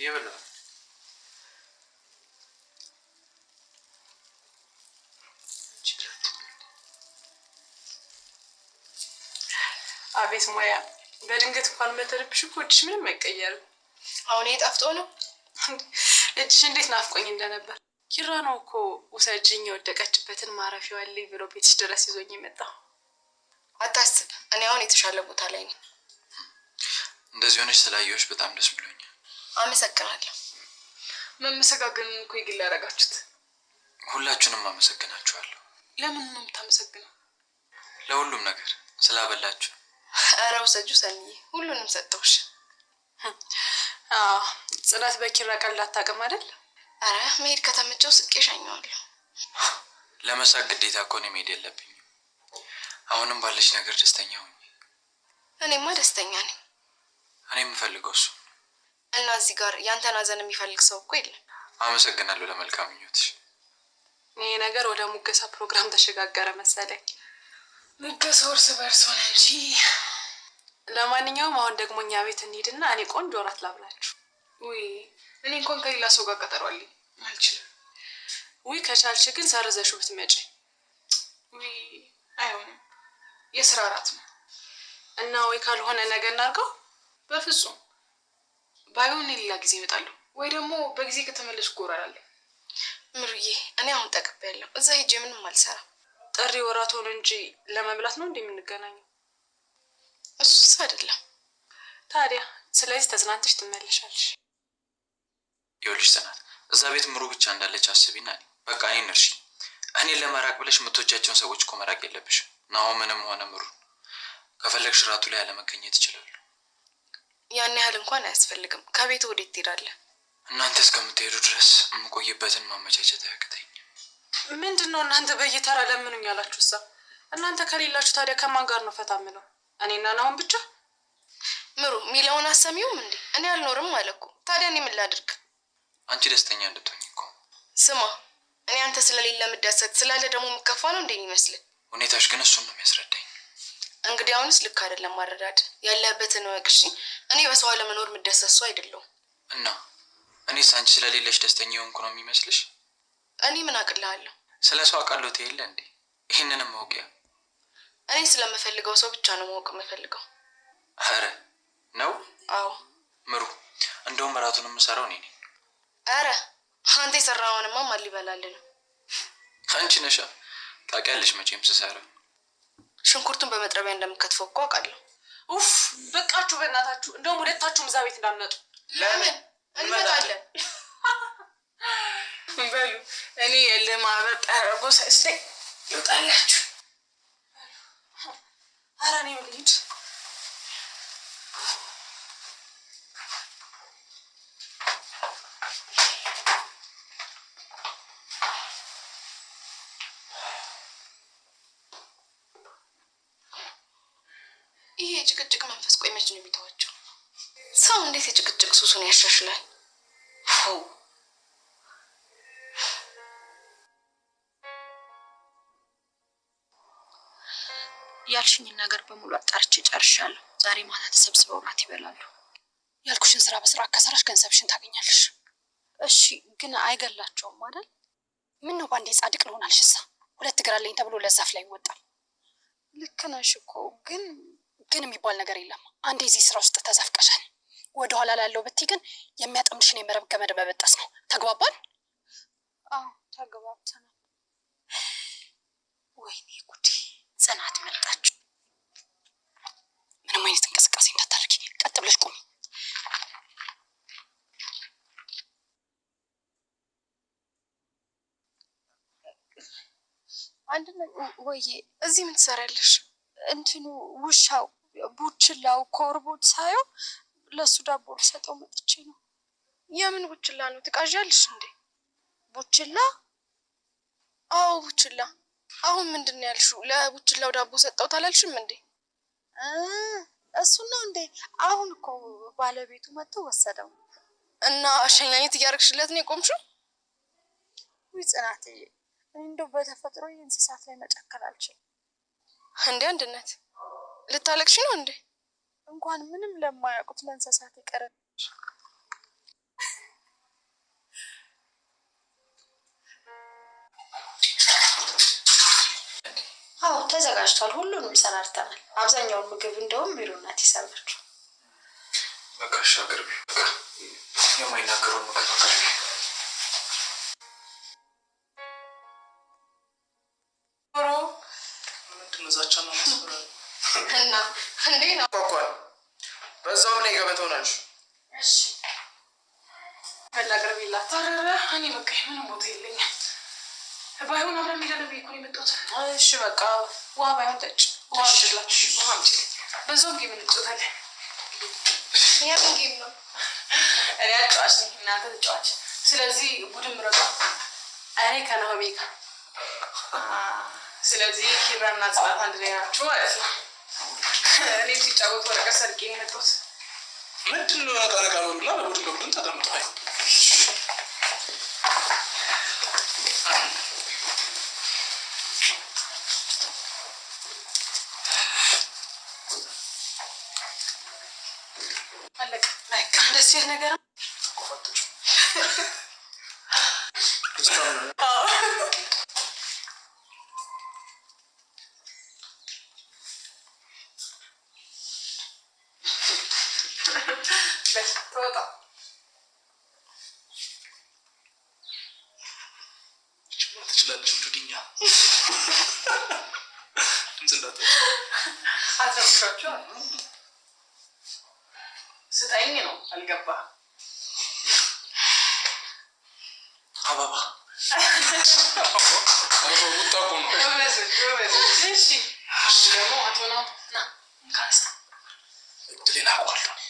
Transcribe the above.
እየበላ ነው። አቤት ሙያ! በድንገት እንኳን መተርብሽ እኮ እጅሽ ምንም አይቀየርም። አሁን የጣፍጦ ነው እጅሽ እንዴት ናፍቆኝ እንደነበር። ኪራ ነው እኮ ውሰጅኝ የወደቀችበትን ማረፊያ አለኝ ብሎ ቤትሽ ድረስ ይዞኝ የመጣው። አታስብ፣ እኔ አሁን የተሻለ ቦታ ላይ ነኝ። እንደዚህ ሆነች ስላየሁሽ በጣም ደስ ብሎኛል። አመሰግናለሁ። መመሰጋገኑን እኮ የግል ያደረጋችሁት። ሁላችሁንም አመሰግናችኋለሁ። ለምን ነው የምታመሰግነው? ለሁሉም ነገር ስላበላችሁ። ኧረ ውሰጁ ሰንዬ ሁሉንም ሰጠውሽ። ጽናት በኪራ ቀልድ አታውቅም አይደል? ኧረ መሄድ ከተመቸው ስቄ ሸኘዋለሁ። ለመሳቅ ግዴታ እኮ እኔ መሄድ የለብኝም። አሁንም ባለች ነገር ደስተኛ ሁኝ። እኔማ ደስተኛ ነኝ። እኔ የምፈልገው እሱ እና እዚህ ጋር ያንተን ሐዘን የሚፈልግ ሰው እኮ የለም። አመሰግናለሁ ለመልካም ምኞትሽ። ይሄ ነገር ወደ ሙገሳ ፕሮግራም ተሸጋገረ መሰለኝ። ሙገሳው እርስ በርስ ሆነ እንጂ። ለማንኛውም አሁን ደግሞ እኛ ቤት እንሂድና እኔ ቆንጆ እራት ላብላችሁ። ውይ እኔ እንኳን ከሌላ ሰው ጋር ቀጠሯልኝ አልችልም። ውይ ከቻልሽ ግን ሰርዘሽው ብትመጪ። ውይ አይሆንም፣ የስራ እራት ነው እና ወይ ካልሆነ ነገ እናድርገው። በፍጹም ባይሆን ሌላ ጊዜ ይመጣሉ፣ ወይ ደግሞ በጊዜ ከተመለስ ጎራላለ። ምሩዬ፣ እኔ አሁን ያለው እዛ ሄጄ ምንም አልሰራም። ጥሪ ወራት ሆነ እንጂ ለመብላት ነው እንደ የምንገናኘው። እሱስ አይደለም ታዲያ። ስለዚህ ተዝናንተሽ ትመለሻለሽ። ይኸውልሽ ጽናት፣ እዛ ቤት ምሩ ብቻ እንዳለች አስቢና በቃ እኔን እርሺ። እኔን ለመራቅ ብለሽ የምትወጃቸውን ሰዎች እኮ መራቅ የለብሽም። ናሆምንም ሆነ ምሩን ከፈለግሽ ራቱ ላይ አለመገኘት ይችላሉ። ያን ያህል እንኳን አያስፈልግም። ከቤት ወዴት ትሄዳለህ? እናንተ እስከምትሄዱ ድረስ የምቆይበትን ማመቻቸት አያቅተኝ። ምንድን ነው እናንተ በየተራ ለምኑኝ ያላችሁ? እሳ እናንተ ከሌላችሁ ታዲያ ከማን ጋር ነው ፈታ ምለው? እኔና ናሁን ብቻ። ምሩ ሚለውን አሰሚውም እንዴ? እኔ አልኖርም አለኩ። ታዲያ እኔ ምን ላድርግ? አንቺ ደስተኛ እንድትሆኝ እኮ። ስማ እኔ አንተ ስለሌለ ምደሰት ስላለ ደግሞ የምከፋ ነው እንደ የሚመስልን። ሁኔታዎች ግን እሱን ነው የሚያስረዳኝ እንግዲህ አሁንስ ልክ አይደለም ማረዳድ ያለህበትን እወቅ እሺ እኔ በሰው ለመኖር የምደሰሱ አይደለሁም እና እኔስ አንቺ ስለሌለሽ ደስተኛ የሆንኩ ነው የሚመስልሽ እኔ ምን አቅልሃለሁ ስለ ሰው አቃሎት የለ እንዴ ይህንንም ማውቂያ እኔ ስለምፈልገው ሰው ብቻ ነው ማወቅ የምፈልገው አረ ነው አዎ ምሩ እንደውም እራቱን የምሰራው እኔ ነኝ አረ አንተ የሰራውንማ ማን ሊበላልን አንቺ ነሻ ታውቂያለሽ መቼም ስሰራ ሽንኩርቱን በመጥረቢያ እንደምከትፈው እኮ አውቃለሁ። ኡፍ በቃችሁ፣ በእናታችሁ እንደውም ሁለታችሁም እዛ ቤት እንዳመጡ። ለምን? እንመጣለን። በሉ እኔ የልማበጥ ያደረጉ ሳይስለኝ ይውጣላችሁ። ኧረ እኔ የምልሂድ ወዳጅ ነው የሚተዋቸው። ሰው እንዴት የጭቅጭቅ ሱሱን ያሻሽላል? ያልሽኝን ነገር በሙሉ አጣርቼ ጨርሻለሁ። ዛሬ ማታ ተሰብስበው ራት ይበላሉ። ያልኩሽን ስራ በስራ ከሰራሽ ገንዘብሽን ታገኛለሽ። እሺ፣ ግን አይገላቸውም አይደል? ምን ነው ባንዴ ጻድቅ ልሆናልሽ? እሳ ሁለት እግር አለኝ ተብሎ ለዛፍ ላይ ይወጣል። ልክ ነሽ እኮ ግን ግን የሚባል ነገር የለም። አንዴ እዚህ ስራ ውስጥ ተዘፍቀሻል። ወደኋላ ላለው ብቲ ግን የሚያጠምድሽን የመረብ ገመድ መበጠስ ነው። ተግባባል? አዎ ተግባብተናል። ወይኔ ጉዴ! ጽናት መጣች። ምንም አይነት እንቅስቃሴ እንዳታደርጊ፣ ቀጥ ብለሽ ቁሚ። አንድ ወይዬ፣ እዚህ ምን ትሰሪያለሽ? እንትኑ ውሻው ቡችላው ኮርቦት ሳየው ለሱ ዳቦ ልሰጠው መጥቼ ነው። የምን ቡችላ ነው? ትቃዣልሽ እንዴ? ቡችላ? አዎ ቡችላ። አሁን ምንድን ነው ያልሽው? ለቡችላው ዳቦ ሰጠው ታላልሽም እንዴ? እሱ ነው እንዴ? አሁን እኮ ባለቤቱ መጥቶ ወሰደው እና አሸኛኘት እያደረግሽለት ነው የቆምሽው? ውይ ጽናትዬ፣ እኔ እንደው በተፈጥሮ የእንስሳት ላይ መጨከል አልችልም እንዴ አንድነት ልታለቅሽ ነው እንዴ? እንኳን ምንም ለማያውቁት ለእንስሳት ይቀረች። አዎ ተዘጋጅቷል። ሁሉንም ሰራርተናል። አብዛኛውን ምግብ እንደውም ቢሮ እናት ይሰራችሁ። በቃ እሺ፣ አቅርቢ። የማይናገረውን ምግብ አቅርቢ። እና እንዴ ነው ኮኮን በዛውም ላይ ገበት ሆናልሽ። እሺ ፈላቅርቢላት አረረ እኔ በቃ ምንም ቦታ የለኛል። ባይሆን አብረን ሜዳ ነው እኮ የመጣሁት። እሺ በቃ ውሃ ባይሆን ጠጭ፣ ውሃ ምጭላችሁ፣ በዛውም ጌም እንጫወታለን። የምን ጌም ነው? እኔ አጫዋች ነኝ፣ እናንተ ተጫዋች። ስለዚህ ቡድን ምረጡ። እኔ ከናሆሜ ጋር ስለዚህ ኪራና ጽናት አንድ ላይ ናችሁ ማለት ነው። እኔ ሲጫወት ወረቀት ሰርቄ የመጣሁት ምንድን ነው ያጠረቃ ነው ብላ ለቡድን ለቡድን ተቀምጠዋል። ነገር ሸሽ ተወጣ ጭማ ትችላለች። ዱድኛ ድምፅ ስጠኝ ነው አልገባ አበባ እድሌን አውቃለሁ